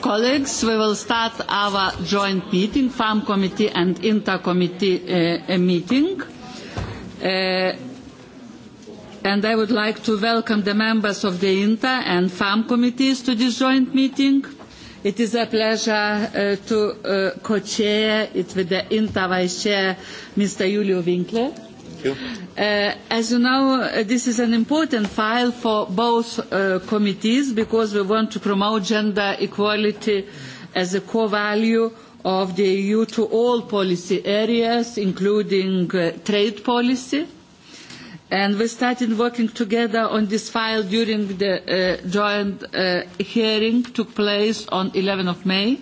Colleagues, we will start our joint meeting, Farm Committee and Inter Committee uh, eh, meeting. Uh, and I would like to welcome the members of the Inter and Farm Committees to this joint meeting. It is a pleasure uh, to uh, co-chair it with the Inter Vice Chair, Mr. Julio Winkler Uh, as you know, uh, this is an important file for both uh, committees because we want to promote gender equality as a core value of the EU to all policy areas, including uh, trade policy. And we started working together on this file during the uh, joint uh, hearing took place on 11th of May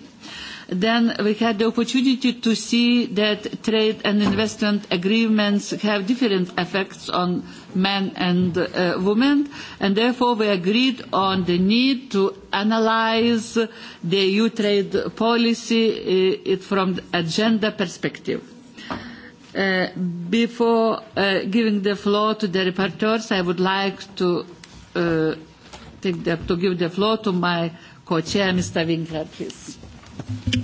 then we had the opportunity to see that trade and investment agreements have different effects on men and uh, women, and therefore we agreed on the need to analyze the EU trade policy uh, it from a gender perspective. Uh, before uh, giving the floor to the rapporteurs, I would like to uh, take the, to give the floor to my co-chair, Mr. Winkler, please.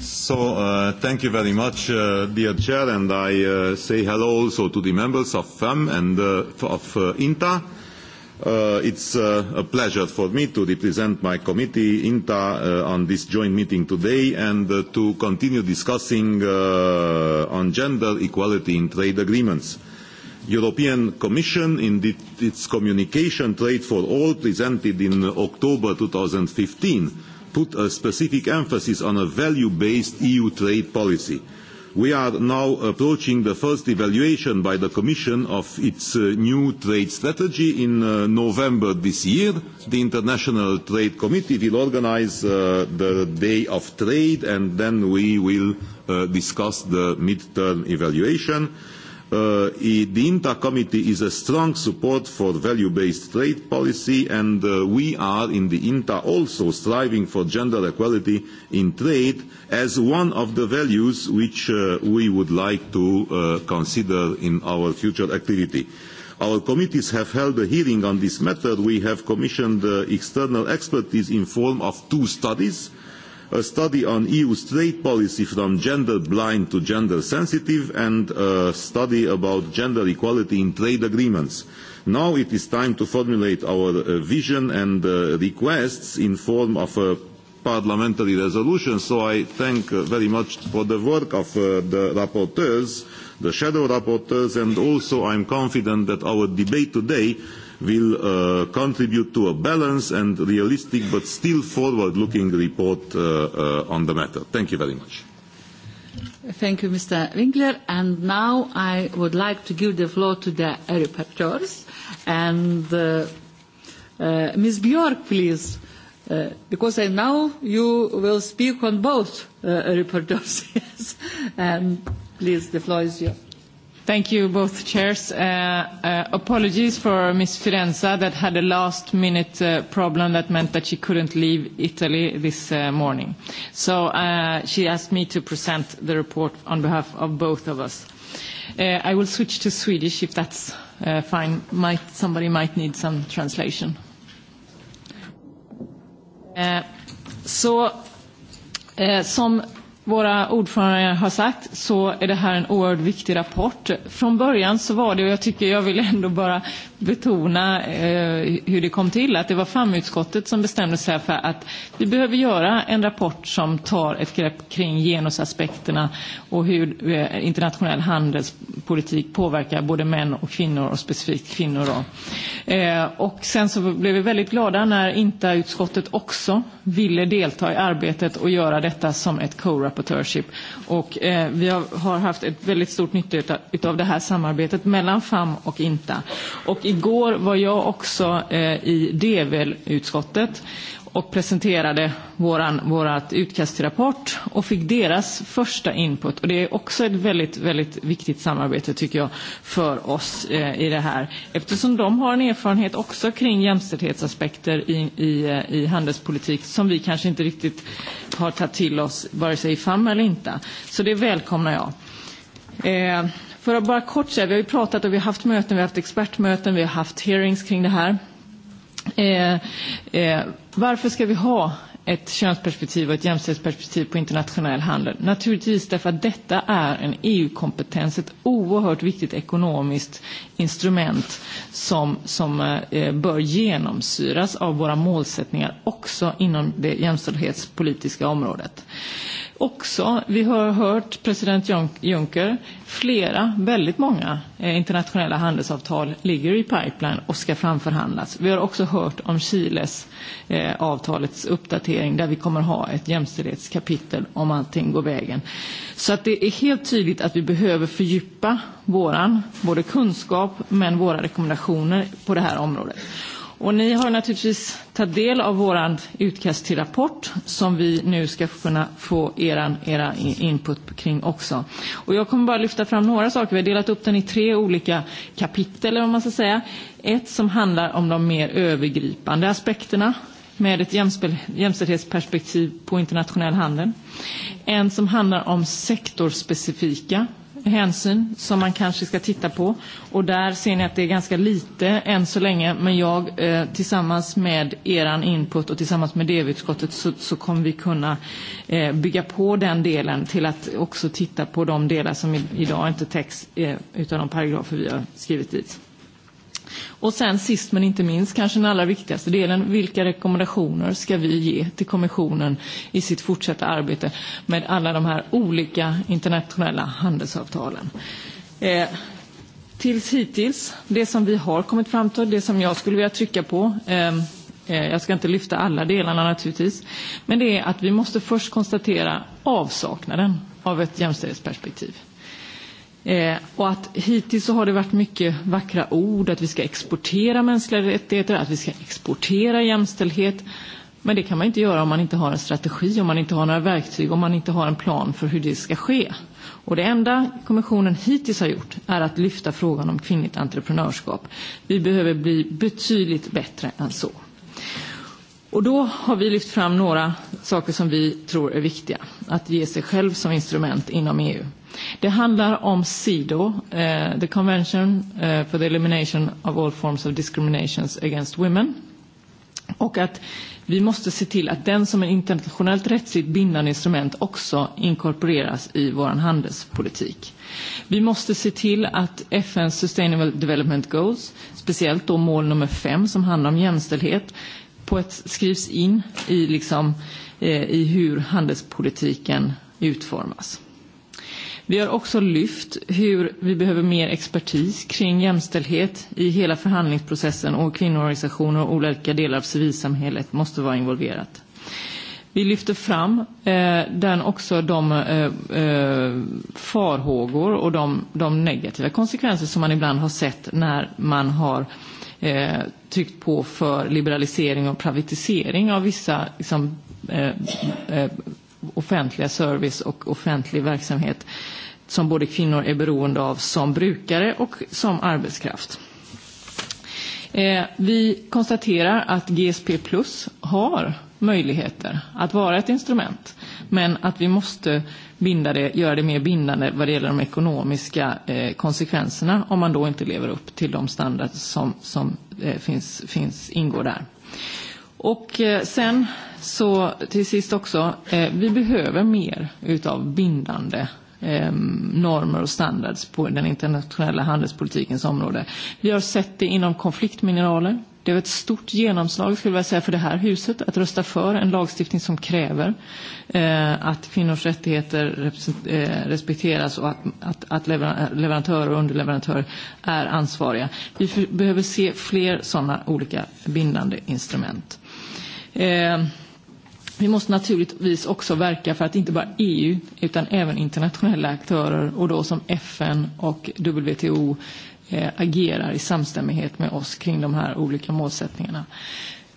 So, uh, thank you very much, uh, dear Chair, and I uh, say hello also to the members of FEM and uh, of uh, INTA. Uh, it's uh, a pleasure for me to represent my committee, INTA, uh, on this joint meeting today and uh, to continue discussing uh, on gender equality in trade agreements. European Commission, in the, its communication Trade for All, presented in October 2015, put a specific emphasis on a value-based EU trade policy. We are now approaching the first evaluation by the Commission of its uh, new trade strategy in uh, November this year. The International Trade Committee will organize uh, the Day of Trade and then we will uh, discuss the midterm evaluation. Uh, uh, the INTA committee is a strong support for value-based trade policy and uh, we are in the INTA also striving for gender equality in trade as one of the values which uh, we would like to uh, consider in our future activity. Our committees have held a hearing on this matter. We have commissioned uh, external expertise in form of two studies uh, a study on EU's trade policy from gender blind to gender sensitive, and a study about gender equality in trade agreements. Now it is time to formulate our uh, vision and uh, requests in form of a parliamentary resolution. So I thank uh, very much for the work of uh, the rapporteurs, the shadow rapporteurs, and also I'm confident that our debate today will uh, contribute to a balanced and realistic but still forward-looking report uh, uh, on the matter. Thank you very much. Thank you, Mr. Winkler. And now I would like to give the floor to the rapporteurs. And uh, uh, Ms. Bjork, please, uh, because I know you will speak on both uh, reporters. yes. And please, the floor is yours. Thank you, both chairs. Uh, uh, apologies for Ms. Firenza that had a last-minute uh, problem that meant that she couldn't leave Italy this uh, morning. So uh, she asked me to present the report on behalf of both of us. Uh, I will switch to Swedish if that's uh, fine. Might, somebody might need some translation. Uh, så so, eh, uh, som våra ordförande har sagt så är det här en oerhört viktig rapport. Från början så var det, och jag tycker jag vill ändå bara betona eh, hur det kom till, att det var FAM-utskottet som bestämde sig för att vi behöver göra en rapport som tar ett grepp kring genusaspekterna och hur eh, internationell handelspolitik påverkar både män och kvinnor och specifikt kvinnor. Då. Eh, och sen så blev vi väldigt glada när INTA-utskottet också ville delta i arbetet och göra detta som ett co-rapportörship. Och eh, vi har, har haft ett väldigt stort nytta utav det här samarbetet mellan FAM och INTA. Och i igår var jag också eh, i DVL-utskottet e och presenterade våran, vårat utkast till rapport och fick deras första input. Och det är också ett väldigt, väldigt viktigt samarbete tycker jag för oss eh, i det här. Eftersom de har en erfarenhet också kring jämställdhetsaspekter i, i, eh, i handelspolitik som vi kanske inte riktigt har tagit till oss vare sig i FAM eller inte. Så det välkomnar jag. Eh, För att bara kort säga, vi har ju pratat och vi har haft möten, vi har haft expertmöten, vi har haft hearings kring det här. Eh, eh, varför ska vi ha ett könsperspektiv och ett jämställdhetsperspektiv på internationell handel? Naturligtvis därför att detta är en EU-kompetens, ett oerhört viktigt ekonomiskt instrument som, som eh, bör genomsyras av våra målsättningar också inom det jämställdhetspolitiska området också, vi har hört president Juncker, flera, väldigt många eh, internationella handelsavtal ligger i pipeline och ska framförhandlas. Vi har också hört om Chiles eh, avtalets uppdatering där vi kommer ha ett jämställdhetskapitel om allting går vägen. Så att det är helt tydligt att vi behöver fördjupa våran, både kunskap men våra rekommendationer på det här området. Och ni har naturligtvis tagit del av vår utkast till rapport som vi nu ska kunna få eran, era input kring också. Och jag kommer bara lyfta fram några saker. Vi har delat upp den i tre olika kapitel, om man ska säga. Ett som handlar om de mer övergripande aspekterna med ett jämställd, jämställdhetsperspektiv på internationell handel. En som handlar om sektorspecifika hänsyn som man kanske ska titta på. Och där ser ni att det är ganska lite än så länge. Men jag eh, tillsammans med er input och tillsammans med DV-utskottet så, så kommer vi kunna eh, bygga på den delen till att också titta på de delar som i, idag inte täcks eh, utav de paragrafer vi har skrivit dit. Och sen sist men inte minst, kanske den allra viktigaste delen, vilka rekommendationer ska vi ge till kommissionen i sitt fortsatta arbete med alla de här olika internationella handelsavtalen? Eh, tills hittills, det som vi har kommit fram till, det som jag skulle vilja trycka på, ehm, eh, jag ska inte lyfta alla delarna naturligtvis, men det är att vi måste först konstatera avsaknaden av ett jämställdhetsperspektiv. Eh, och att hittills så har det varit mycket vackra ord, att vi ska exportera mänskliga rättigheter, att vi ska exportera jämställdhet. Men det kan man inte göra om man inte har en strategi, om man inte har några verktyg, om man inte har en plan för hur det ska ske. Och det enda kommissionen hittills har gjort är att lyfta frågan om kvinnligt entreprenörskap. Vi behöver bli betydligt bättre än så. Och då har vi lyft fram några saker som vi tror är viktiga att ge sig själv som instrument inom EU. Det handlar om CEDAW, eh, the Convention eh, for the Elimination of All Forms of Discrimination Against Women. Och att vi måste se till att den som är internationellt rättsligt bindande instrument också inkorporeras i vår handelspolitik. Vi måste se till att FNs Sustainable Development Goals, speciellt då mål nummer fem som handlar om jämställdhet, på ett, skrivs in i, liksom, eh, i hur handelspolitiken utformas. Vi har också lyft hur vi behöver mer expertis kring jämställdhet i hela förhandlingsprocessen och kvinnoorganisationer och olika delar av civilsamhället måste vara involverat. Vi lyfter fram eh, den också de eh, eh, farhågor och de, de negativa konsekvenser som man ibland har sett när man har eh, tryckt på för liberalisering och privatisering av vissa liksom, eh, eh, offentliga service och offentlig verksamhet som både kvinnor är beroende av som brukare och som arbetskraft. Eh, vi konstaterar att GSP Plus har möjligheter att vara ett instrument. Men att vi måste binda det, göra det mer bindande vad det gäller de ekonomiska eh, konsekvenserna om man då inte lever upp till de standarder som, som eh, finns, finns, ingår där. Och eh, sen så till sist också, eh, vi behöver mer utav bindande eh, normer och standards på den internationella handelspolitikens område. Vi har sett det inom konfliktmineraler, Det är ett stort genomslag skulle jag säga för det här huset att rösta för en lagstiftning som kräver eh, att kvinnors rättigheter eh, respekteras och att, att, att leverantörer och underleverantörer är ansvariga. Vi behöver se fler sådana olika bindande instrument. Eh, Vi måste naturligtvis också verka för att inte bara EU utan även internationella aktörer och då som FN och WTO eh, agerar i samstämmighet med oss kring de här olika målsättningarna.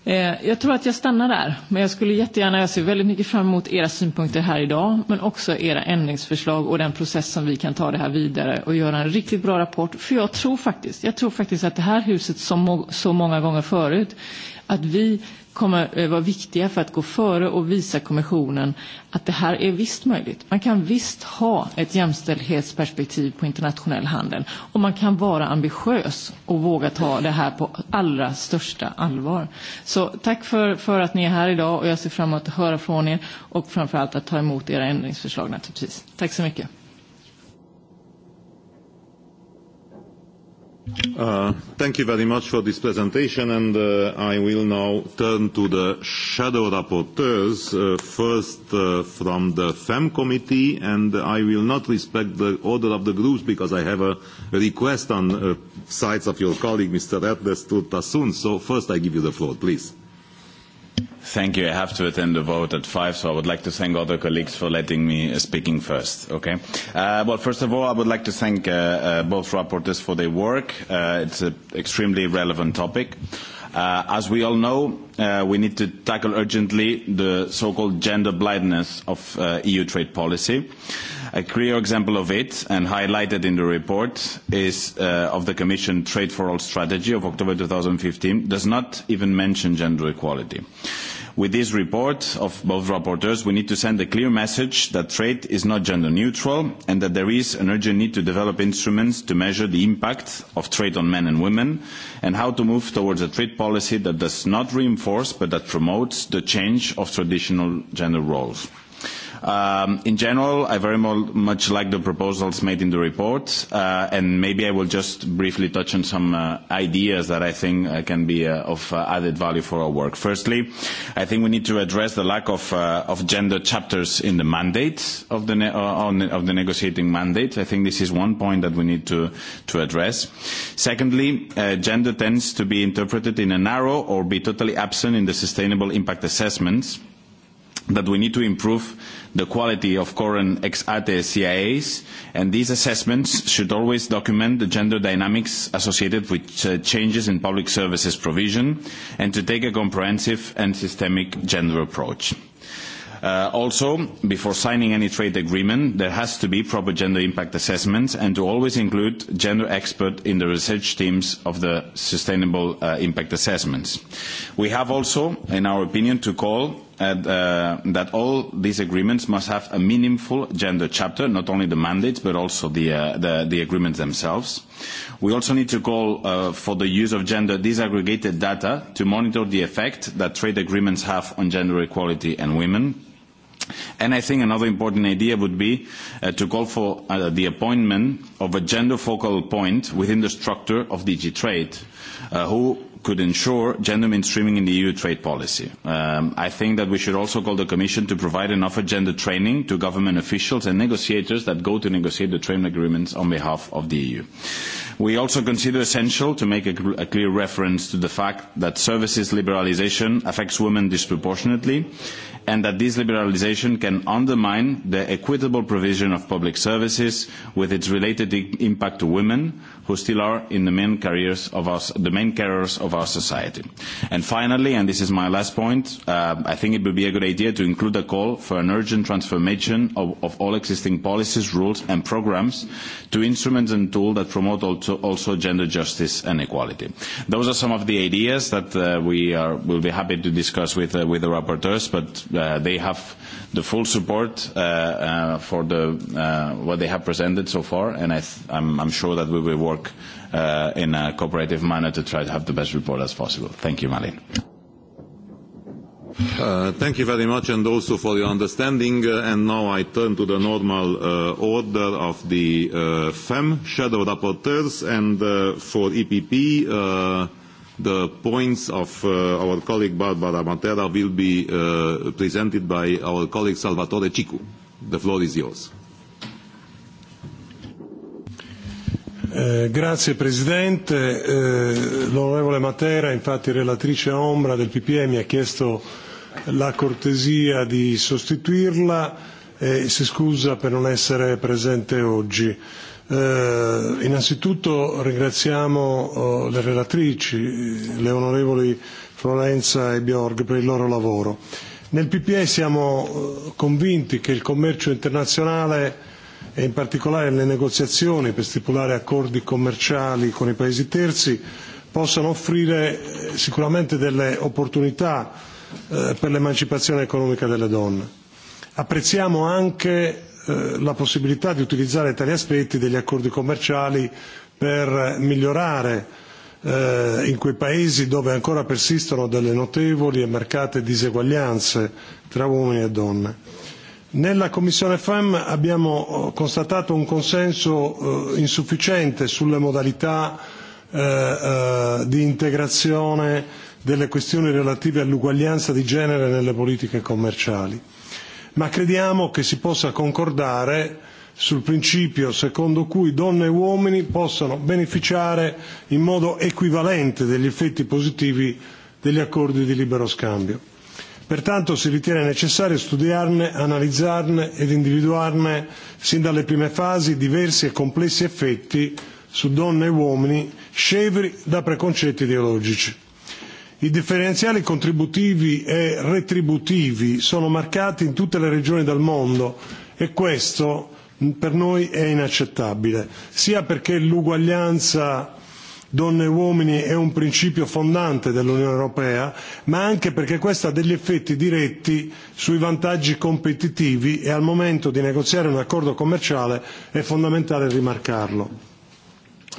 Eh, jag tror att jag stannar där, men jag skulle jättegärna, jag ser väldigt mycket fram emot era synpunkter här idag, men också era ändringsförslag och den process som vi kan ta det här vidare och göra en riktigt bra rapport. För jag tror faktiskt, jag tror faktiskt att det här huset som må, så många gånger förut, att vi kommer eh, vara viktiga för att gå före och visa kommissionen att det här är visst möjligt. Man kan visst ha ett jämställdhetsperspektiv på internationell handel och man kan vara ambitiös och våga ta det här på allra största allvar. Så tack för, för att ni är här idag och jag ser fram emot att höra från er och framförallt att ta emot era ändringsförslag naturligtvis. Tack så mycket. Uh, thank you very much for this presentation, and uh, I will now turn to the shadow rapporteurs, uh, first uh, from the FEM committee, and I will not respect the order of the groups because I have a request on uh, sides of your colleague, Mr. Erdes, to Tassoon. So first I give you the floor, please. Uh, Thank you. I have to attend the vote at five, so I would like to thank other colleagues for letting me uh, speaking first. Okay. Uh, well, first of all, I would like to thank uh, uh, both rapporteurs for their work. Uh, it's an extremely relevant topic. Uh, Uh, as we all know, uh, we need to tackle urgently the so-called gender blindness of uh, EU trade policy. A clear example of it, and highlighted in the report, is uh, of the Commission Trade for All strategy of October 2015, does not even mention gender equality. Uh, With this report of both rapporteurs, we need to send a clear message that trade is not gender neutral and that there is an urgent need to develop instruments to measure the impact of trade on men and women and how to move towards a trade policy that does not reinforce but that promotes the change of traditional gender roles. Um, in general, I very much like the proposals made in the report, uh, and maybe I will just briefly touch on some uh, ideas that I think uh, can be uh, of uh, added value for our work. Firstly, I think we need to address the lack of, uh, of gender chapters in the mandate of the, ne- uh, on the, of the negotiating mandate. I think this is one point that we need to, to address. Secondly, uh, gender tends to be interpreted in a narrow or be totally absent in the sustainable impact assessments. Uh, that we need to improve the quality of current ex-ante CIAs, and these assessments should always document the gender dynamics associated with uh, changes in public services provision, and to take a comprehensive and systemic gender approach. Uh, also, before signing any trade agreement, there has to be proper gender impact assessments and to always include gender experts in the research teams of the sustainable uh, impact assessments. We have also, in our opinion, to call and, uh, that all these agreements must have a meaningful gender chapter, not only the mandates, but also the, uh, the, the agreements themselves. We also need to call uh, for the use of gender disaggregated data to monitor the effect that trade agreements have on gender equality and women. And I think another important idea would be uh, to call for uh, the appointment of a gender focal point within the structure of DG Trade, uh, who could ensure gender mainstreaming in the EU trade policy. Um, I think that we should also call the Commission to provide and offer gender training to government officials and negotiators that go to negotiate the trade agreements on behalf of the EU. We also consider essential to make a, a clear reference to the fact that services liberalization affects women disproportionately and that this liberalization can undermine the equitable provision of public services with its related impact to women, who still are in the main careers of us, the main carriers of our society. And finally, and this is my last point, uh, I think it would be a good idea to include a call for an urgent transformation of, of all existing policies, rules and programs to instruments and tools that promote also, also gender justice and equality. Those are some of the ideas that uh, we are, will be happy to discuss with, uh, with the rapporteurs, but uh, they have the full support uh, uh, for the, uh, what they have presented so far, and I th- I'm, I'm sure that we will work work uh, in a cooperative manner to try to have the best report as possible. Thank you, Malin. Uh, thank you very much and also for your understanding. Uh, and now I turn to the normal uh, order of the uh, FEM shadow rapporteurs and uh, for EPP, uh, the points of uh, our colleague Barbara Matera will be uh, presented by our colleague Salvatore Cicu. The floor is yours. Uh, Eh, grazie Presidente, eh, l'onorevole Matera, infatti relatrice ombra del PPE, mi ha chiesto la cortesia di sostituirla e si scusa per non essere presente oggi. Eh, innanzitutto ringraziamo oh, le relatrici, le onorevoli Florenza e Bjorg per il loro lavoro. Nel PPE siamo oh, convinti che il commercio internazionale e in particolare le negoziazioni per stipulare accordi commerciali con i paesi terzi possano offrire eh, sicuramente delle opportunità eh, per l'emancipazione economica delle donne. Apprezziamo anche eh, la possibilità di utilizzare tali aspetti degli accordi commerciali per migliorare eh, in quei paesi dove ancora persistono delle notevoli e marcate diseguaglianze tra uomini e donne. Nella Commissione FEM abbiamo eh, constatato un consenso eh, insufficiente sulle modalità eh, eh, di integrazione delle questioni relative all'uguaglianza di genere nelle politiche commerciali, ma crediamo che si possa concordare sul principio secondo cui donne e uomini possano beneficiare in modo equivalente degli effetti positivi degli accordi di libero scambio. Pertanto si ritiene necessario studiarne, analizzarne ed individuarne sin dalle prime fasi diversi e complessi effetti su donne e uomini scevri da preconcetti ideologici. I differenziali contributivi e retributivi sono marcati in tutte le regioni del mondo e questo per noi è inaccettabile, sia perché l'uguaglianza donne e uomini è un principio fondante dell'Unione Europea, ma anche perché questo ha degli effetti diretti sui vantaggi competitivi e al momento di negoziare un accordo commerciale è fondamentale rimarcarlo.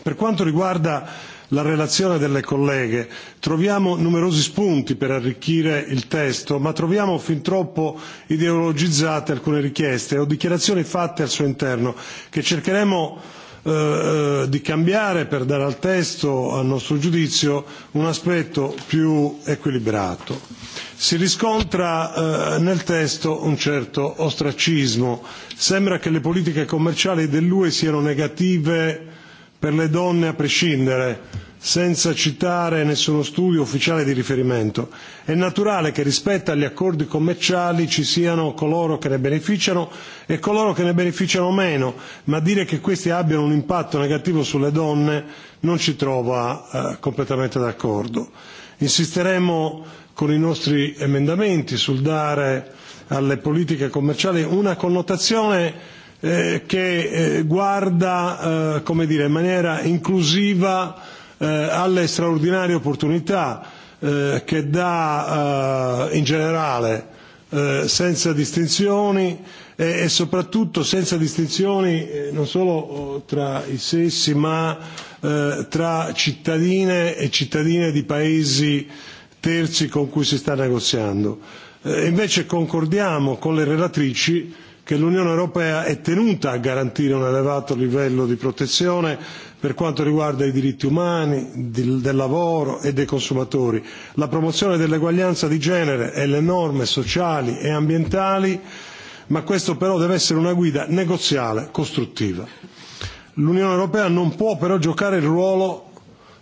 Per quanto riguarda la relazione delle colleghe, troviamo numerosi spunti per arricchire il testo, ma troviamo fin troppo ideologizzate alcune richieste o dichiarazioni fatte al suo interno che cercheremo Eh, eh, di cambiare per dare al testo, a nostro giudizio, un aspetto più equilibrato. Si riscontra eh, nel testo un certo ostracismo. Sembra che le politiche commerciali dell'UE siano negative per le donne a prescindere senza citare nessuno studio ufficiale di riferimento. È naturale che rispetto agli accordi commerciali ci siano coloro che ne beneficiano e coloro che ne beneficiano meno, ma dire che questi abbiano un impatto negativo sulle donne non ci trova eh, completamente d'accordo. Insisteremo con i nostri emendamenti sul dare alle politiche commerciali una connotazione eh, che eh, guarda eh, come dire, in maniera inclusiva eh, alle straordinarie opportunità eh, che dà eh, in generale eh, senza distinzioni e, e soprattutto senza distinzioni eh, non solo oh, tra i sessi ma eh, tra cittadine e cittadine di paesi terzi con cui si sta negoziando. Eh, invece concordiamo con le relatrici eh, che l'Unione Europea è tenuta a garantire un elevato livello di protezione per quanto riguarda i diritti umani, di, del lavoro e dei consumatori, la promozione dell'eguaglianza di genere e le norme sociali e ambientali, ma questo però deve essere una guida negoziale costruttiva. L'Unione Europea non può però giocare il ruolo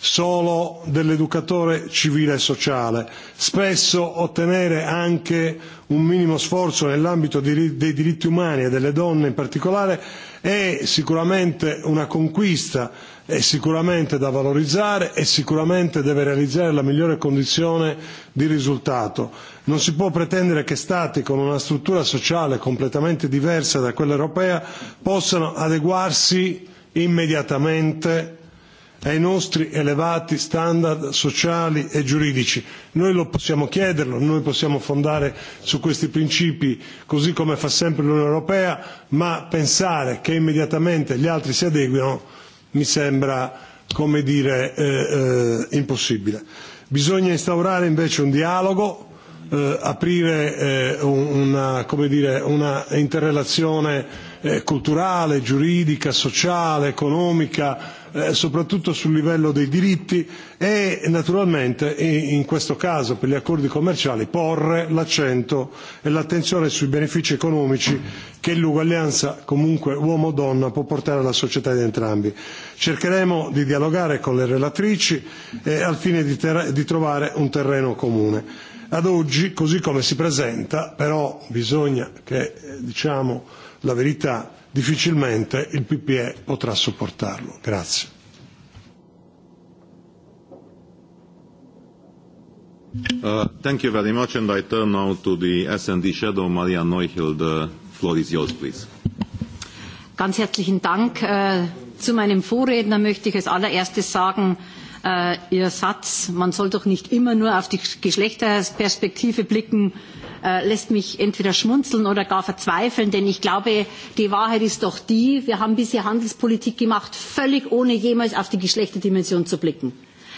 solo dell'educatore civile e sociale. Spesso ottenere anche un minimo sforzo nell'ambito dei diritti umani e delle donne in particolare è sicuramente una conquista, è sicuramente da valorizzare e sicuramente deve realizzare la migliore condizione di risultato. Non si può pretendere che Stati con una struttura sociale completamente diversa da quella europea possano adeguarsi immediatamente ai nostri elevati standard sociali e giuridici. Noi lo possiamo chiederlo, noi possiamo fondare su questi principi così come fa sempre l'Unione Europea, ma pensare che immediatamente gli altri si adeguino mi sembra come dire eh, eh, impossibile. Bisogna instaurare invece un dialogo, eh, aprire eh, una, come dire, una interrelazione eh, culturale, giuridica, sociale, economica, eh, soprattutto sul livello dei diritti e naturalmente in questo caso per gli accordi commerciali porre l'accento e l'attenzione sui benefici economici che l'uguaglianza comunque uomo-donna può portare alla società di entrambi. Cercheremo di dialogare con le relatrici eh, al fine di, ter- di trovare un terreno comune. Ad oggi, così come si presenta, però bisogna che eh, diciamo la verità, difficilmente il PPE potrà sopportarlo. Grazie. Uh, thank you very much, and I turn now to the S&D shadow, Maria Neuchel. The uh, floor is yours, please. Ganz herzlichen Dank. Uh, zu meinem Vorredner möchte ich als allererstes sagen, uh, Ihr Satz, man soll doch nicht immer nur auf die Geschlechterperspektive blicken, äh, lässt mich entweder schmunzeln oder gar verzweifeln, denn ich glaube, die Wahrheit ist doch die, wir haben bisher Handelspolitik gemacht, völlig ohne jemals auf die Geschlechterdimension zu blicken.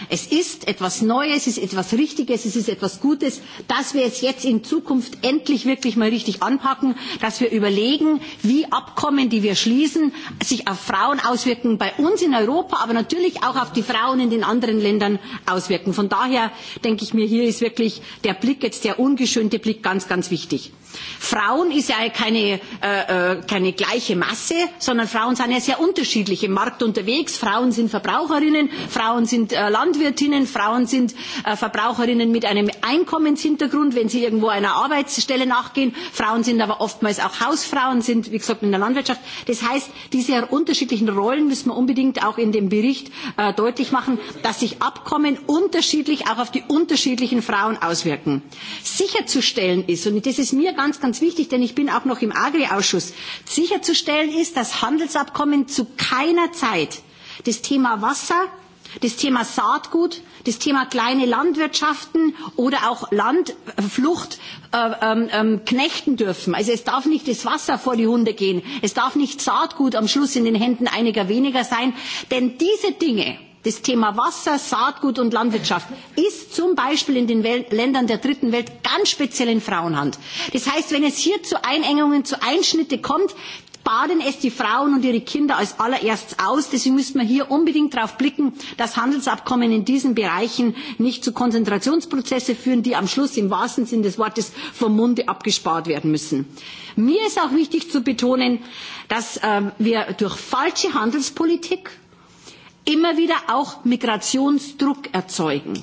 Es ist etwas Neues, es ist etwas Richtiges, es ist etwas Gutes, dass wir es jetzt in Zukunft endlich wirklich mal richtig anpacken, dass wir überlegen, wie Abkommen, die wir schließen, sich auf Frauen auswirken, bei uns in Europa, aber natürlich auch auf die Frauen in den anderen Ländern auswirken. Von daher denke ich mir, hier ist wirklich der Blick, jetzt der ungeschönte Blick, ganz, ganz wichtig. Frauen ist ja keine, äh, äh keine gleiche Masse, sondern Frauen sind ja sehr unterschiedlich im Markt unterwegs. Frauen sind Verbraucherinnen, Frauen sind äh, Land Landwirtinnen, Frauen sind äh, Verbraucherinnen mit einem Einkommenshintergrund, wenn sie irgendwo einer Arbeitsstelle nachgehen. Frauen sind aber oftmals auch Hausfrauen, sind, wie gesagt, in der Landwirtschaft. Das heißt, diese unterschiedlichen Rollen müssen wir unbedingt auch in dem Bericht äh, deutlich machen, dass sich Abkommen unterschiedlich auch auf die unterschiedlichen Frauen auswirken. Sicherzustellen ist, und das ist mir ganz, ganz wichtig, denn ich bin auch noch im Agri-Ausschuss, sicherzustellen ist, dass Handelsabkommen zu keiner Zeit das Thema Wasser, das Thema Saatgut, das Thema kleine Landwirtschaften oder auch Landflucht äh, ähm, ähm, knechten dürfen. Also es darf nicht das Wasser vor die Hunde gehen. Es darf nicht Saatgut am Schluss in den Händen einiger weniger sein. Denn diese Dinge, Das Thema Wasser, Saatgut und Landwirtschaft ist zum Beispiel in den Wel Ländern der dritten Welt ganz speziell in Frauenhand. Das heißt, wenn es hier zu Einengungen, zu Einschnitte kommt, baden es die Frauen und ihre Kinder als allererst aus. Deswegen müssen wir hier unbedingt darauf blicken, dass Handelsabkommen in diesen Bereichen nicht zu Konzentrationsprozesse führen, die am Schluss im wahrsten Sinne des Wortes vom Munde abgespart werden müssen. Mir ist auch wichtig zu betonen, dass äh, wir durch falsche Handelspolitik immer wieder auch Migrationsdruck erzeugen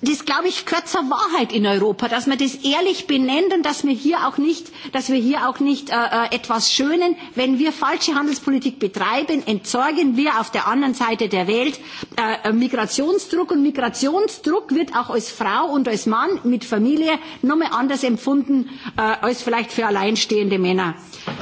das glaube ich gehört zur Wahrheit in Europa, dass wir das ehrlich benennen und dass wir hier auch nicht, dass wir hier auch nicht äh, äh, etwas schönen. Wenn wir falsche Handelspolitik betreiben, entsorgen wir auf der anderen Seite der Welt äh, äh Migrationsdruck und Migrationsdruck wird auch als Frau und als Mann mit Familie nochmal anders empfunden äh, als vielleicht für alleinstehende Männer.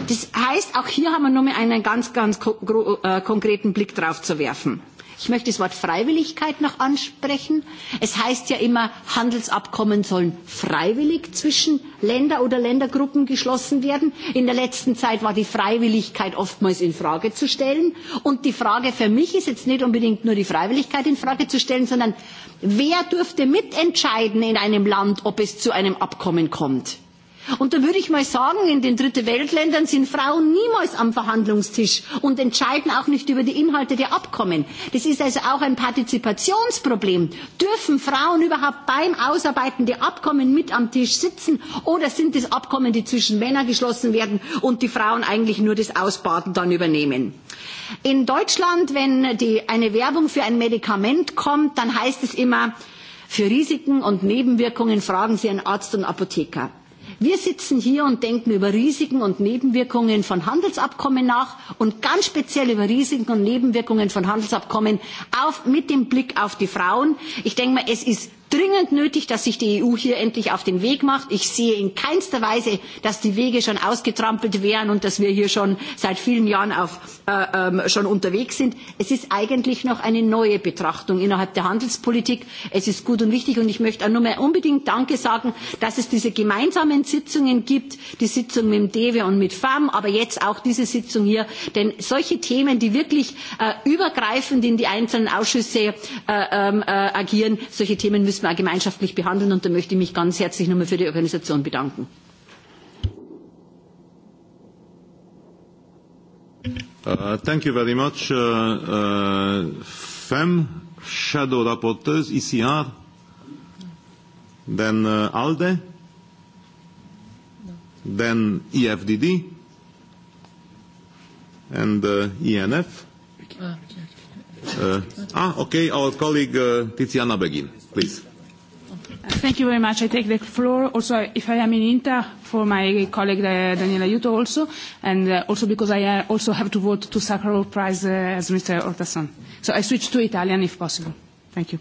Das heißt, auch hier haben wir nochmal einen ganz, ganz ko äh, konkreten Blick drauf zu werfen. Ich möchte das Wort Freiwilligkeit noch ansprechen. Es heißt ja immer, Handelsabkommen sollen freiwillig zwischen Länder oder Ländergruppen geschlossen werden. In der letzten Zeit war die Freiwilligkeit oftmals in Frage zu stellen. Und die Frage für mich ist jetzt nicht unbedingt nur die Freiwilligkeit in Frage zu stellen, sondern wer dürfte mitentscheiden in einem Land, ob es zu einem Abkommen kommt? Und da würde ich mal sagen, in den Dritte Weltländern sind Frauen niemals am Verhandlungstisch und entscheiden auch nicht über die Inhalte der Abkommen. Das ist also auch ein Partizipationsproblem. Dürfen Frauen überhaupt beim Ausarbeiten der Abkommen mit am Tisch sitzen oder sind es Abkommen, die zwischen Männern geschlossen werden und die Frauen eigentlich nur das Ausbaden dann übernehmen? In Deutschland, wenn die, eine Werbung für ein Medikament kommt, dann heißt es immer, für Risiken und Nebenwirkungen fragen Sie einen Arzt und Apotheker. Wir sitzen hier und denken über Risiken und Nebenwirkungen von Handelsabkommen nach und ganz speziell über Risiken und Nebenwirkungen von Handelsabkommen auf, mit dem Blick auf die Frauen. Ich denke mal, es ist dringend nötig, dass sich die EU hier endlich auf den Weg macht. Ich sehe in keinster Weise, dass die Wege schon ausgetrampelt wären und dass wir hier schon seit vielen Jahren auf, äh, ähm, schon unterwegs sind. Es ist eigentlich noch eine neue Betrachtung innerhalb der Handelspolitik. Es ist gut und wichtig und ich möchte auch nur mal unbedingt Danke sagen, dass es diese gemeinsamen Sitzungen gibt, die Sitzung mit dem DEWE und mit FAM, aber jetzt auch diese Sitzung hier. Denn solche Themen, die wirklich äh, übergreifend in die einzelnen Ausschüsse äh, ähm, äh, agieren, solche Themen müssen müssen wir auch gemeinschaftlich behandeln. Und da möchte ich mich ganz herzlich nochmal für die Organisation bedanken. Uh, thank you very much. Uh, uh, FEM, Shadow Rapporteurs, ECR, then uh, ALDE, no. then EFDD, and uh, ENF. Ah, uh, ah, okay, our colleague uh, Tiziana Begin, please. Uh, thank you very much. I take the floor also, if I am in INTA, for my colleague uh, Daniela Aiuto also, and uh, also because I uh, also have to vote to Sakharov Prize uh, as Mr. Ortason. So I switch to Italian if possible. Thank you.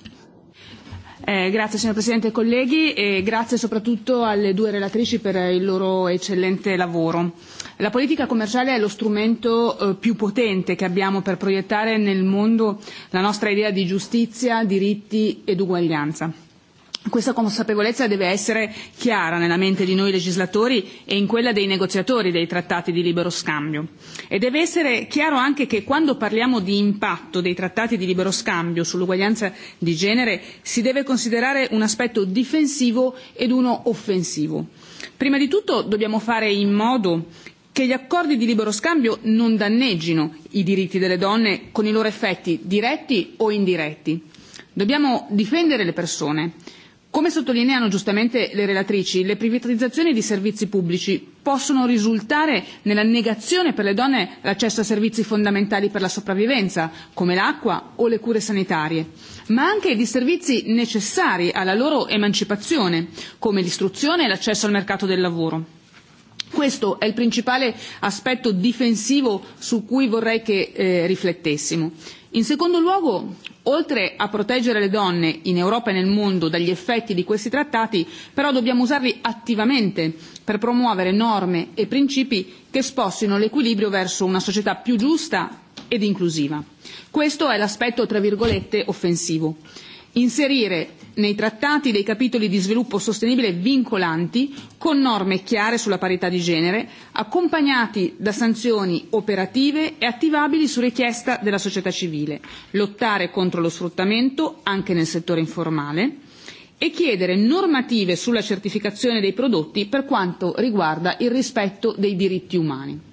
Eh, grazie signor Presidente e colleghi e grazie soprattutto alle due relatrici per il loro eccellente lavoro. La politica commerciale è lo strumento eh, più potente che abbiamo per proiettare nel mondo la nostra idea di giustizia, diritti ed uguaglianza Questa consapevolezza deve essere chiara nella mente di noi legislatori e in quella dei negoziatori dei trattati di libero scambio e deve essere chiaro anche che quando parliamo di impatto dei trattati di libero scambio sull'uguaglianza di genere si deve considerare un aspetto difensivo ed uno offensivo. Prima di tutto dobbiamo fare in modo che gli accordi di libero scambio non danneggino i diritti delle donne con i loro effetti diretti o indiretti. Dobbiamo difendere le persone Come sottolineano giustamente le relatrici, le privatizzazioni di servizi pubblici possono risultare nella negazione per le donne l'accesso a servizi fondamentali per la sopravvivenza, come l'acqua o le cure sanitarie, ma anche di servizi necessari alla loro emancipazione, come l'istruzione e l'accesso al mercato del lavoro. Questo è il principale aspetto difensivo su cui vorrei che eh, riflettessimo. In secondo luogo, Oltre a proteggere le donne in Europa e nel mondo dagli effetti di questi trattati, però dobbiamo usarli attivamente per promuovere norme e principi che spostino l'equilibrio verso una società più giusta ed inclusiva. Questo è l'aspetto, tra virgolette, offensivo inserire nei trattati dei capitoli di sviluppo sostenibile vincolanti con norme chiare sulla parità di genere, accompagnati da sanzioni operative e attivabili su richiesta della società civile, lottare contro lo sfruttamento anche nel settore informale e chiedere normative sulla certificazione dei prodotti per quanto riguarda il rispetto dei diritti umani.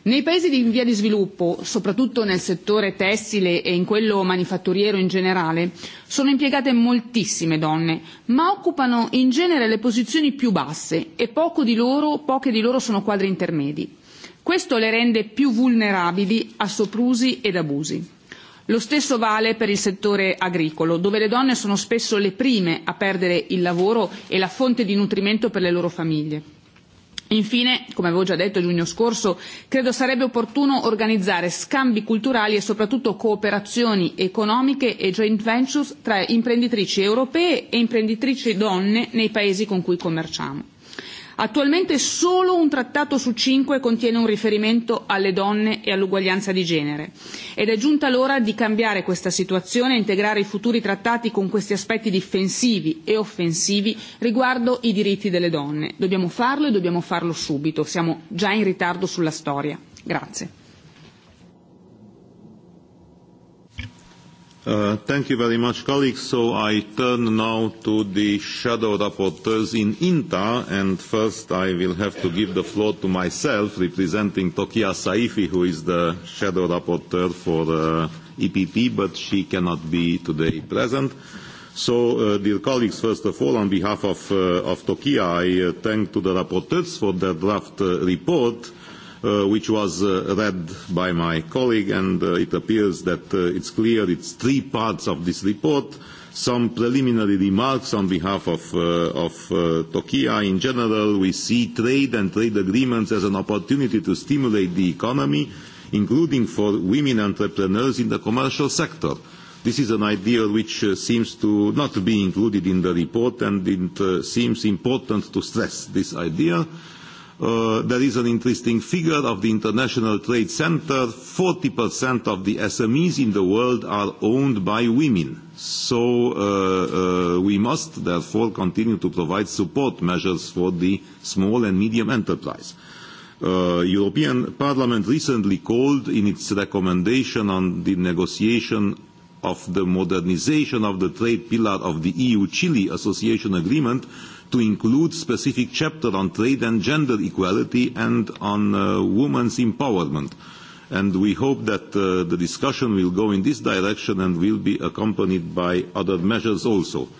Nei paesi in via di sviluppo, soprattutto nel settore tessile e in quello manifatturiero in generale, sono impiegate moltissime donne, ma occupano in genere le posizioni più basse e poco di loro, poche di loro sono quadri intermedi. Questo le rende più vulnerabili a soprusi ed abusi. Lo stesso vale per il settore agricolo, dove le donne sono spesso le prime a perdere il lavoro e la fonte di nutrimento per le loro famiglie. Infine, come avevo già detto giugno scorso, credo sarebbe opportuno organizzare scambi culturali e soprattutto cooperazioni economiche e joint ventures tra imprenditrici europee e imprenditrici donne nei paesi con cui commerciamo. Attualmente solo un trattato su cinque e contiene un riferimento alle donne e all'uguaglianza di genere ed è giunta l'ora di cambiare questa situazione e integrare i futuri trattati con questi aspetti difensivi e offensivi riguardo i diritti delle donne. Dobbiamo farlo e dobbiamo farlo subito, siamo già in ritardo sulla storia. Grazie. Uh, thank you very much, colleagues. So I turn now to the shadow rapporteurs in INTA, and first I will have to give the floor to myself, representing Tokia Saifi, who is the shadow rapporteur for uh, EPP, but she cannot be today present. So, uh, dear colleagues, first of all, on behalf of, uh, of Tokia, I uh, thank to the rapporteurs for their draft uh, report uh, which was uh, read by my colleague, and uh, it appears that uh, it's clear it's three parts of this report. Some preliminary remarks on behalf of, uh, of uh, Tokia. In general, we see trade and trade agreements as an opportunity to stimulate the economy, including for women entrepreneurs in the commercial sector. This is an idea which uh, seems to not be included in the report and it uh, seems important to stress this idea. Uh, Uh, there is an interesting figure of the International Trade Center. 40% of the SMEs in the world are owned by women. So uh, uh, we must therefore continue to provide support measures for the small and medium enterprise. Uh, European Parliament recently called in its recommendation on the negotiation of the modernization of the trade pillar of the EU-Chile Association Agreement to include specific chapter on trade and gender equality and on uh, women's empowerment. And we hope that uh, the discussion will go in this direction and will be accompanied by other measures also. Uh,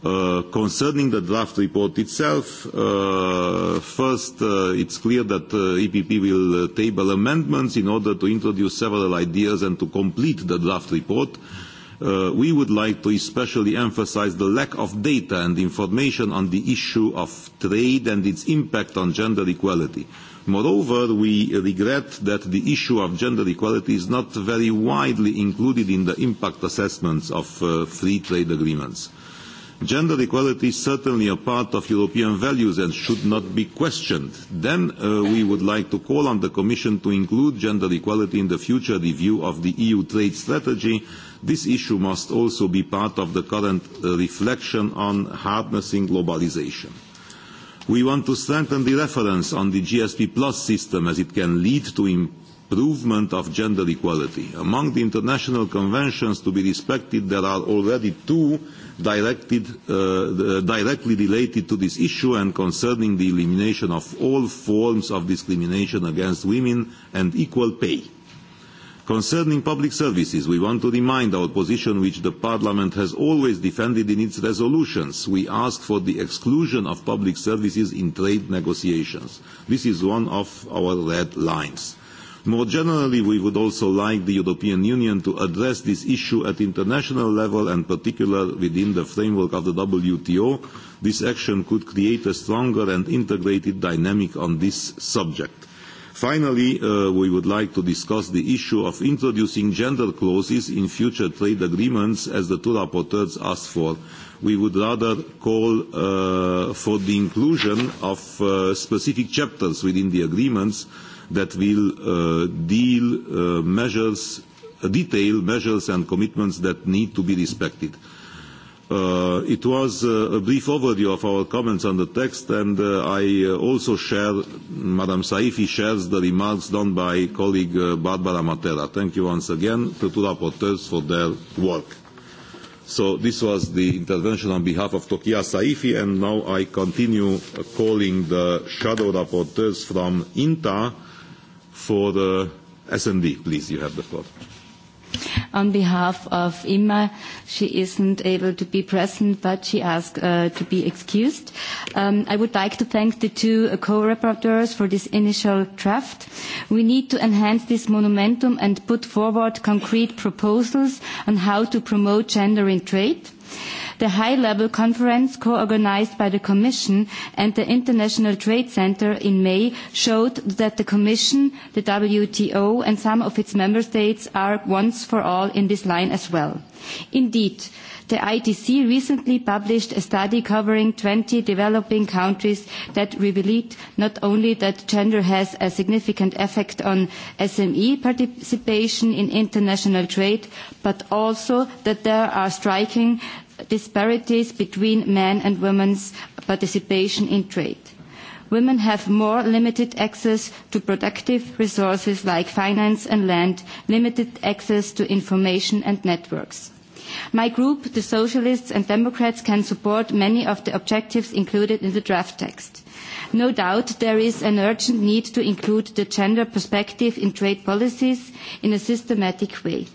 Uh, concerning the draft report itself, uh, first, uh, it's clear that uh, EPP will uh, table amendments in order to introduce several ideas and to complete the draft report. Uh, we would like to especially emphasize the lack of data and information on the issue of trade and its impact on gender equality. Moreover, we regret that the issue of gender equality is not very widely included in the impact assessments of uh, free trade agreements. Gender equality is certainly a part of European values and should not be questioned. Then uh, we would like to call on the Commission to include gender equality in the future review of the EU trade strategy. This issue must also be part of the current uh, reflection on harnessing globalization. We want to strengthen the reference on the GSP Plus system as it can lead to improvement of gender equality. Among the international conventions to be respected, there are already two directed, uh, directly related to this issue and concerning the elimination of all forms of discrimination against women and equal pay. Concerning public services, we want to remind our position which the Parliament has always defended in its resolutions. We ask for the exclusion of public services in trade negotiations. This is one of our red lines. More generally, we would also like the European Union to address this issue at international level and particular within the framework of the WTO. This action could create a stronger and integrated dynamic on this subject. Finally, uh, we would like to discuss the issue of introducing gender clauses in future trade agreements as the two rapporteurs asked for. We would rather call uh, for the inclusion of uh, specific chapters within the agreements uh, that will uh, deal uh, measures, detail measures and commitments that need to be respected. Uh, it was uh, a brief overview of our comments on the text, and uh, I uh, also share, Madam Saifi shares the remarks done by colleague uh, Barbara Matera. Thank you once again to two rapporteurs for their work. So this was the intervention on behalf of Tokia Saifi, and now I continue calling the shadow rapporteurs from INTA for the SND. Please, you have the floor. On behalf of Imma, she isn't able to be present, but she asked uh, to be excused. Um, I would like to thank the two uh, co-rapporteurs for this initial draft. We need to enhance this momentum and put forward concrete proposals on how to promote gender in trade. The high-level conference co-organized by the Commission and the International Trade Center in May showed that the Commission, the WTO and some of its member states are once for all in this line as well. Indeed, The ITC recently published a study covering 20 developing countries that revealed not only that gender has a significant effect on SME participation in international trade, but also that there are striking disparities between men and women's participation in trade. Women have more limited access to productive resources like finance and land, limited access to information and networks. My group, the Socialists and Democrats, can support many of the objectives included in the draft text. No doubt there is an urgent need to include the gender perspective in trade policies in a systematic way.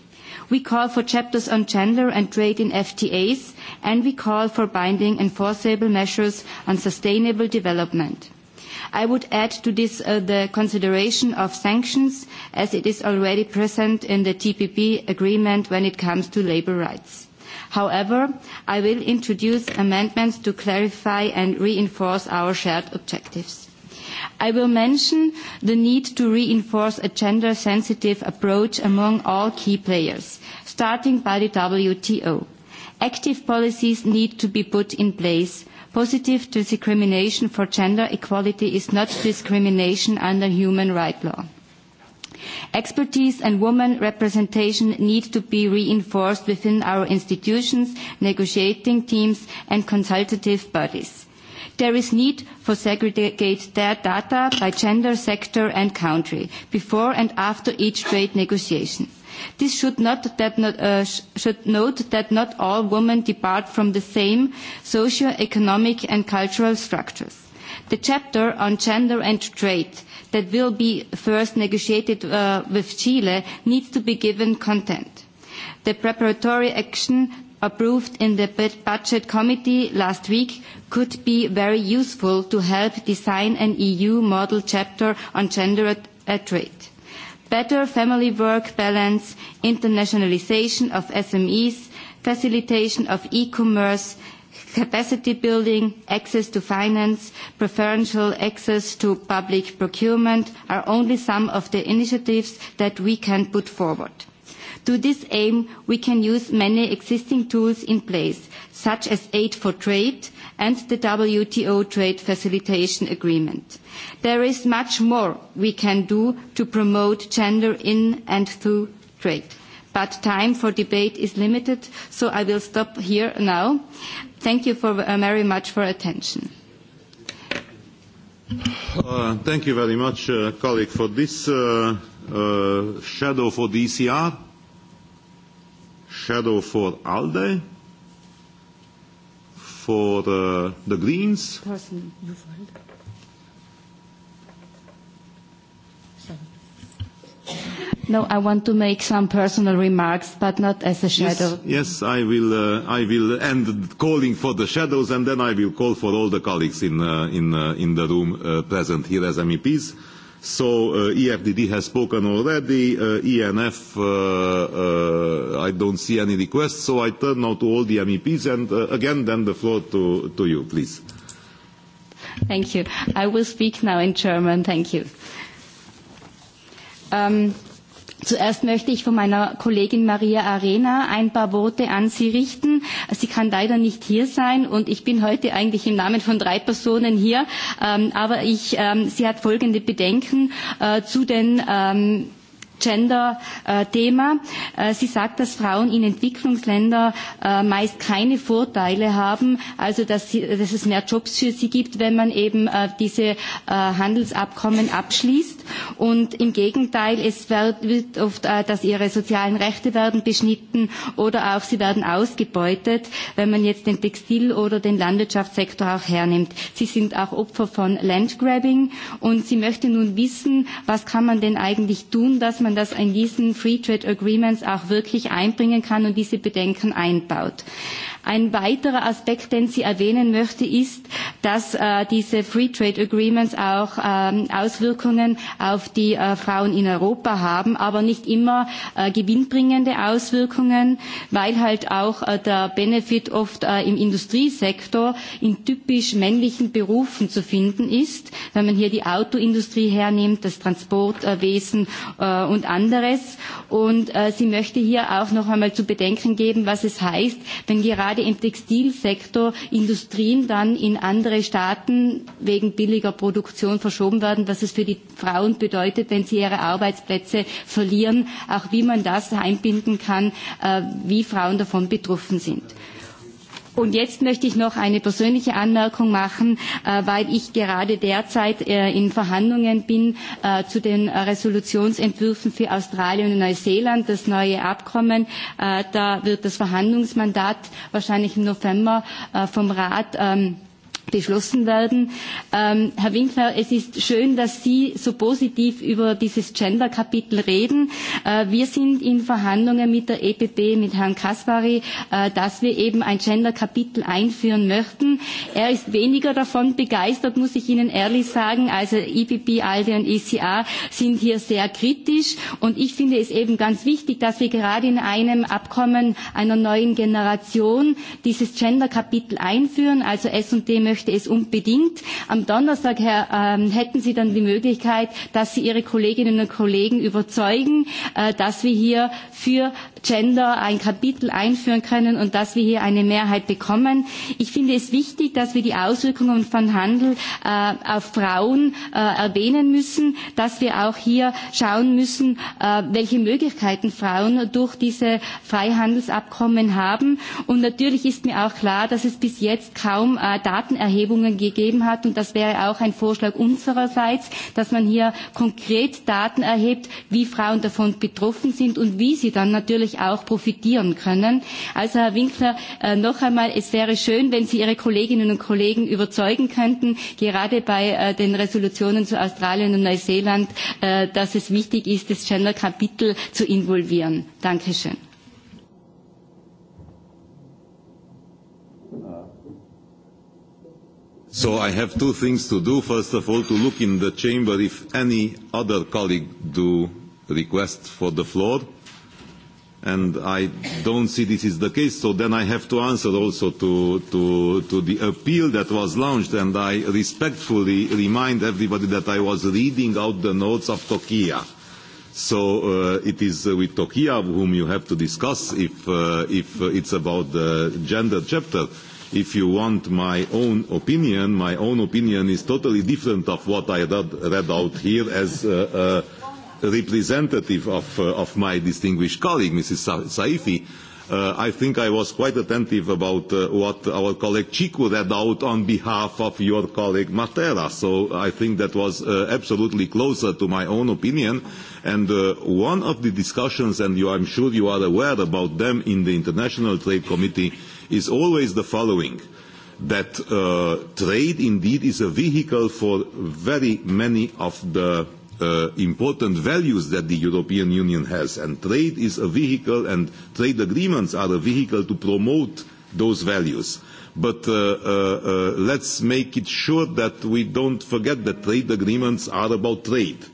We call for chapters on gender and trade in FTAs, and we call for binding enforceable measures on sustainable development. I would add to this uh, the consideration of sanctions, as it is already present in the TPP agreement when it comes to labor rights. However, I will introduce amendments to clarify and reinforce our shared objectives. I will mention the need to reinforce a gender-sensitive approach among all key players, starting by the WTO. Active policies need to be put in place. Positive discrimination for gender equality is not discrimination under human rights law. Expertise and women representation need to be reinforced within our institutions, negotiating teams and consultative bodies. There is need for segregate their data by gender, sector and country before and after each trade negotiation. This should, not that not, uh, sh should note that not all women depart from the same socio-economic and cultural structures. The chapter on gender and trade that will be first negotiated uh, with Chile needs to be given content. The preparatory action approved in the budget committee last week could be very useful to help design an EU model chapter on gender at rate. Better family-work balance, internationalization of SMEs, facilitation of e-commerce, capacity building, access to finance, preferential access to public procurement are only some of the initiatives that we can put forward. To this aim, we can use many existing tools in place, such as Aid for Trade and the WTO Trade Facilitation Agreement. There is much more we can do to promote gender in and through trade but time for debate is limited, so I will stop here now. Thank you for, uh, very much for attention. Uh, thank you very much, uh, colleague, for this uh, uh, shadow for DCR shadow for ALDE, for uh, the Greens. Carsten, No, I want to make some personal remarks, but not as a shadow. Yes, yes I will. Uh, I will end calling for the shadows, and then I will call for all the colleagues in uh, in uh, in the room uh, present here as MEPs. So uh, EFDD has spoken already. Uh, ENF, uh, uh, I don't see any requests, so I turn now to all the MEPs, and uh, again, then the floor to, to you, please. Thank you. I will speak now in German. Thank you. Um, Zuerst möchte ich von meiner Kollegin Maria Arena ein paar Worte an Sie richten. Sie kann leider nicht hier sein und ich bin heute eigentlich im Namen von drei Personen hier. Ähm, aber ich, ähm, sie hat folgende Bedenken äh, zu den ähm, Gender-Thema. Äh, äh, sie sagt, dass Frauen in Entwicklungsländern äh, meist keine Vorteile haben, also dass, sie, dass es mehr Jobs für sie gibt, wenn man eben äh, diese äh, Handelsabkommen abschließt. Und im Gegenteil, es wird, wird oft, äh, dass ihre sozialen Rechte werden beschnitten oder auch sie werden ausgebeutet, wenn man jetzt den Textil- oder den Landwirtschaftssektor auch hernimmt. Sie sind auch Opfer von Landgrabbing und sie möchte nun wissen, was kann man denn eigentlich tun, dass man das in diesen Free Trade Agreements auch wirklich einbringen kann und diese Bedenken einbaut. Ein weiterer Aspekt, den Sie erwähnen möchte, ist, dass äh, diese Free Trade Agreements auch ähm, Auswirkungen auf die äh, Frauen in Europa haben, aber nicht immer äh, gewinnbringende Auswirkungen, weil halt auch äh, der Benefit oft äh, im Industriesektor in typisch männlichen Berufen zu finden ist, wenn man hier die Autoindustrie hernimmt, das Transportwesen äh, und anderes. Und äh, sie möchte hier auch noch einmal zu bedenken geben, was es heißt, wenn gerade gerade im Textilsektor Industrien dann in andere Staaten wegen billiger Produktion verschoben werden, was es für die Frauen bedeutet, wenn sie ihre Arbeitsplätze verlieren, auch wie man das einbinden kann, äh, wie Frauen davon betroffen sind. Sind. Und jetzt möchte ich noch eine persönliche Anmerkung machen, äh, weil ich gerade derzeit äh, in Verhandlungen bin äh, zu den äh, Resolutionsentwürfen für Australien und Neuseeland, das neue Abkommen. Äh, da wird das Verhandlungsmandat wahrscheinlich im November äh, vom Rat ähm, beschlossen werden. Ähm, Herr Winkler, es ist schön, dass Sie so positiv über dieses Gender-Kapitel reden. Äh, wir sind in Verhandlungen mit der EPP, mit Herrn Kaspari, äh, dass wir eben ein Gender-Kapitel einführen möchten. Er ist weniger davon begeistert, muss ich Ihnen ehrlich sagen. Also IPP, e ALDE und ECA sind hier sehr kritisch. Und ich finde es eben ganz wichtig, dass wir gerade in einem Abkommen einer neuen Generation dieses Gender-Kapitel einführen. Also S&D möchte möchte es unbedingt. Am Donnerstag Herr, ähm, hätten Sie dann die Möglichkeit, dass Sie Ihre Kolleginnen und Kollegen überzeugen, äh, dass wir hier für Gender ein Kapitel einführen können und dass wir hier eine Mehrheit bekommen. Ich finde es wichtig, dass wir die Auswirkungen von Handel äh, auf Frauen äh, erwähnen müssen, dass wir auch hier schauen müssen, äh, welche Möglichkeiten Frauen durch diese Freihandelsabkommen haben. Und natürlich ist mir auch klar, dass es bis jetzt kaum äh, Daten Erhebungen gegeben hat. Und das wäre auch ein Vorschlag unsererseits, dass man hier konkret Daten erhebt, wie Frauen davon betroffen sind und wie sie dann natürlich auch profitieren können. Also Herr Winkler, äh, noch einmal, es wäre schön, wenn Sie Ihre Kolleginnen und Kollegen überzeugen könnten, gerade bei äh, den Resolutionen zu Australien und Neuseeland, äh, dass es wichtig ist, das Gender-Kapitel zu involvieren. Dankeschön. So I have two things to do. First of all, to look in the chamber if any other colleague do request for the floor. And I don't see this is the case, so then I have to answer also to, to, to the appeal that was launched, and I respectfully remind everybody that I was reading out the notes of Tokia. So uh, it is uh, with Tokia whom you have to discuss if, uh, if uh, it's about the gender chapter. Uh, if you want my own opinion, my own opinion is totally different of what I read, read out here as uh, uh, representative of, uh, of my distinguished colleague, Mrs. Sa Saifi. Uh, I think I was quite attentive about uh, what our colleague Chiku read out on behalf of your colleague Matera. So I think that was uh, absolutely closer to my own opinion. And uh, one of the discussions, and you, I'm sure you are aware about them in the International Trade Committee, uh, is always the following that uh, trade indeed is a vehicle for very many of the uh, important values that the European Union has. And trade is a vehicle, and trade agreements are a vehicle to promote those values. But uh, uh, uh, let's make it sure that we don't forget that trade agreements are about trade.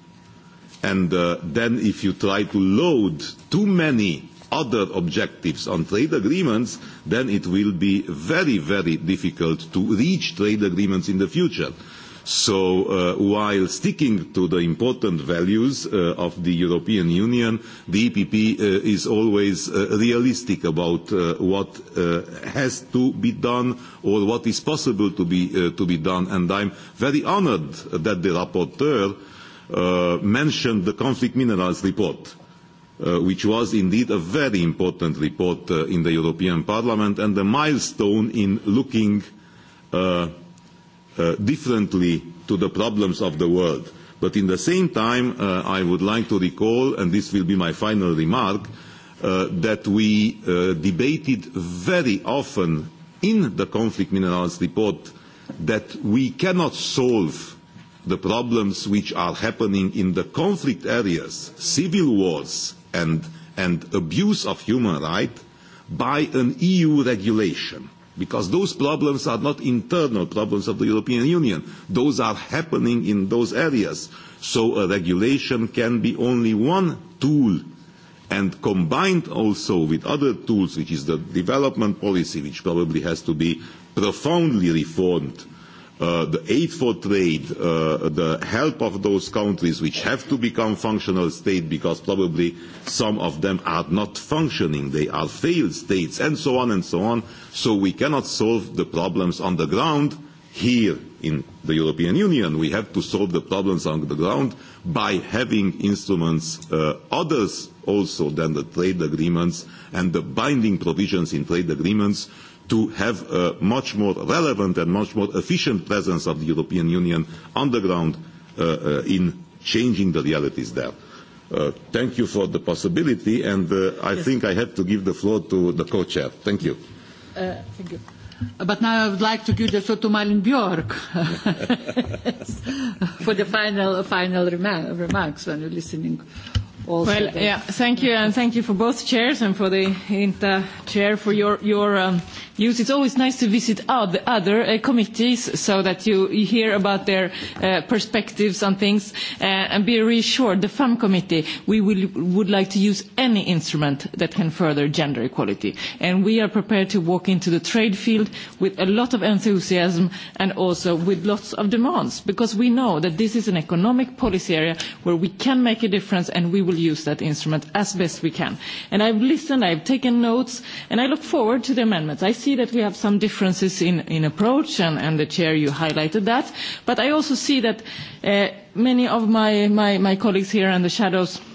And uh, then if you try to load too many other objectives on trade agreements, then it will be very, very difficult to reach trade agreements in the future. So uh, while sticking to the important values uh, of the European Union, the EPP uh, is always uh, realistic about uh, what uh, has to be done or what is possible to be, uh, to be done. And I'm very honored that the rapporteur uh, mentioned the conflict minerals report uh, which was indeed a very important report uh, in the European Parliament and a milestone in looking uh, uh, differently to the problems of the world. But in the same time, uh, I would like to recall, and this will be my final remark, uh, that we uh, debated very often in the conflict minerals report that we cannot solve the problems which are happening in the conflict areas, civil wars, and, and abuse of human rights by an EU regulation. Because those problems are not internal problems of the European Union. Those are happening in those areas. So a regulation can be only one tool and combined also with other tools, which is the development policy, which probably has to be profoundly reformed uh, uh, the aid for trade, uh, the help of those countries which have to become functional states because probably some of them are not functioning, they are failed states, and so on and so on. So we cannot solve the problems on the ground here in the European Union. We have to solve the problems on the ground by having instruments uh, others also than the trade agreements and the binding provisions in trade agreements to have a much more relevant and much more efficient presence of the European Union on the ground uh, uh, in changing the realities there. Uh, thank you for the possibility, and uh, I yes. think I have to give the floor to the co-chair. Thank you. Uh, thank you. Uh, but now I would like to give the floor to Malin Björk for the final, final remarks when you're listening also. Well, the, yeah, thank you, and thank you for both chairs and for the INTA chair for your, your um, use. It's always nice to visit out the other uh, committees so that you, you hear about their uh, perspectives on things uh, and be reassured, the FAM committee, we will, would like to use any instrument that can further gender equality. And we are prepared to walk into the trade field with a lot of enthusiasm and also with lots of demands because we know that this is an economic policy area where we can make a difference and we will use that instrument as best we can. And I've listened, I've taken notes, and I look forward to the amendments. I see that we have some differences in, in approach, and, and the Chair, you highlighted that. But I also see that uh, many of my, my, my colleagues here and the shadows –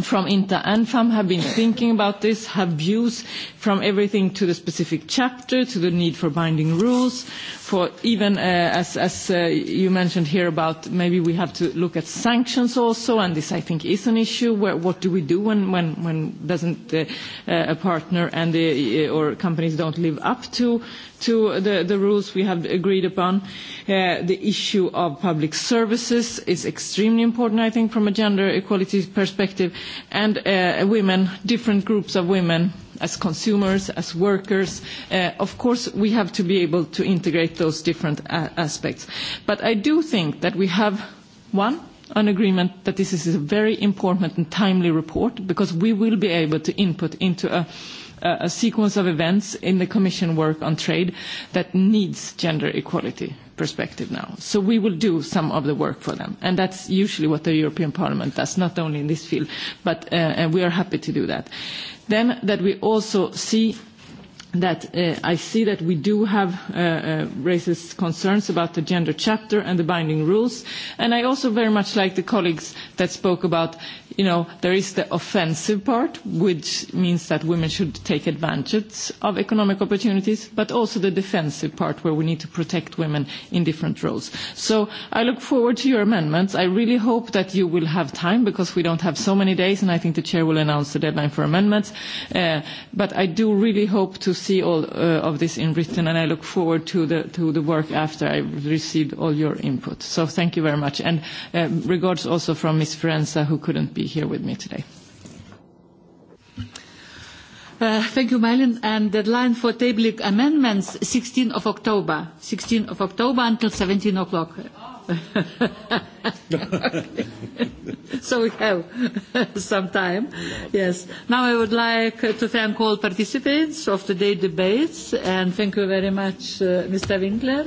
from INTA and FAM have been thinking about this, have views from everything to the specific chapter, to the need for binding rules, for even uh, as, as uh, you mentioned here about maybe we have to look at sanctions also, and this I think is an issue, where, what do we do when, when, when doesn't uh, uh a partner and the, uh, or companies don't live up to to the, the rules we have agreed upon. Uh, the issue of public services is extremely important, I think, from a gender equality perspective, and uh, women, different groups of women as consumers, as workers. Uh, of course, we have to be able to integrate those different a- uh, aspects. But I do think that we have, one, an agreement that this is a very important and timely report because we will be able to input into a uh, a sequence of events in the Commission work on trade that needs gender equality perspective now. So we will do some of the work for them. And that's usually what the European Parliament does, not only in this field, but uh, and we are happy to do that. Then that we also see that uh, I see that we do have uh, uh, raises concerns about the gender chapter and the binding rules. And I also very much like the colleagues that spoke about you know, there is the offensive part, which means that women should take advantage of economic opportunities, but also the defensive part where we need to protect women in different roles. So I look forward to your amendments. I really hope that you will have time because we don't have so many days and I think the chair will announce the deadline for amendments. Uh, but I do really hope to see all uh, of this in written and I look forward to the, to the work after I received all your input. So thank you very much. And uh, regards also from Ms. Ferenza who couldn't be be here with me today. Uh, thank you, Malin. And deadline for tabling amendments, 16th of October. 16th of October until 17 o'clock. okay. so we have some time. Yes. Now I would like to thank all participants of today's debates and thank you very much, uh, Mr. Winkler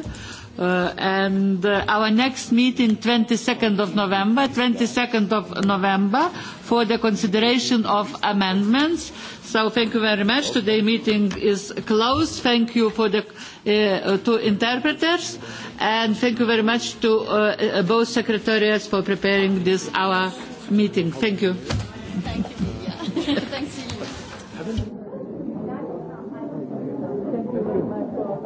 Uh, and uh, our next meeting 22nd of November, 22nd of November for the consideration of amendments. So thank you very much. Today meeting is closed. Thank you for the uh, to interpreters and thank you very much to uh, uh both secretariats for preparing this our meeting. Thank you. Thank you. Yeah. Thanks.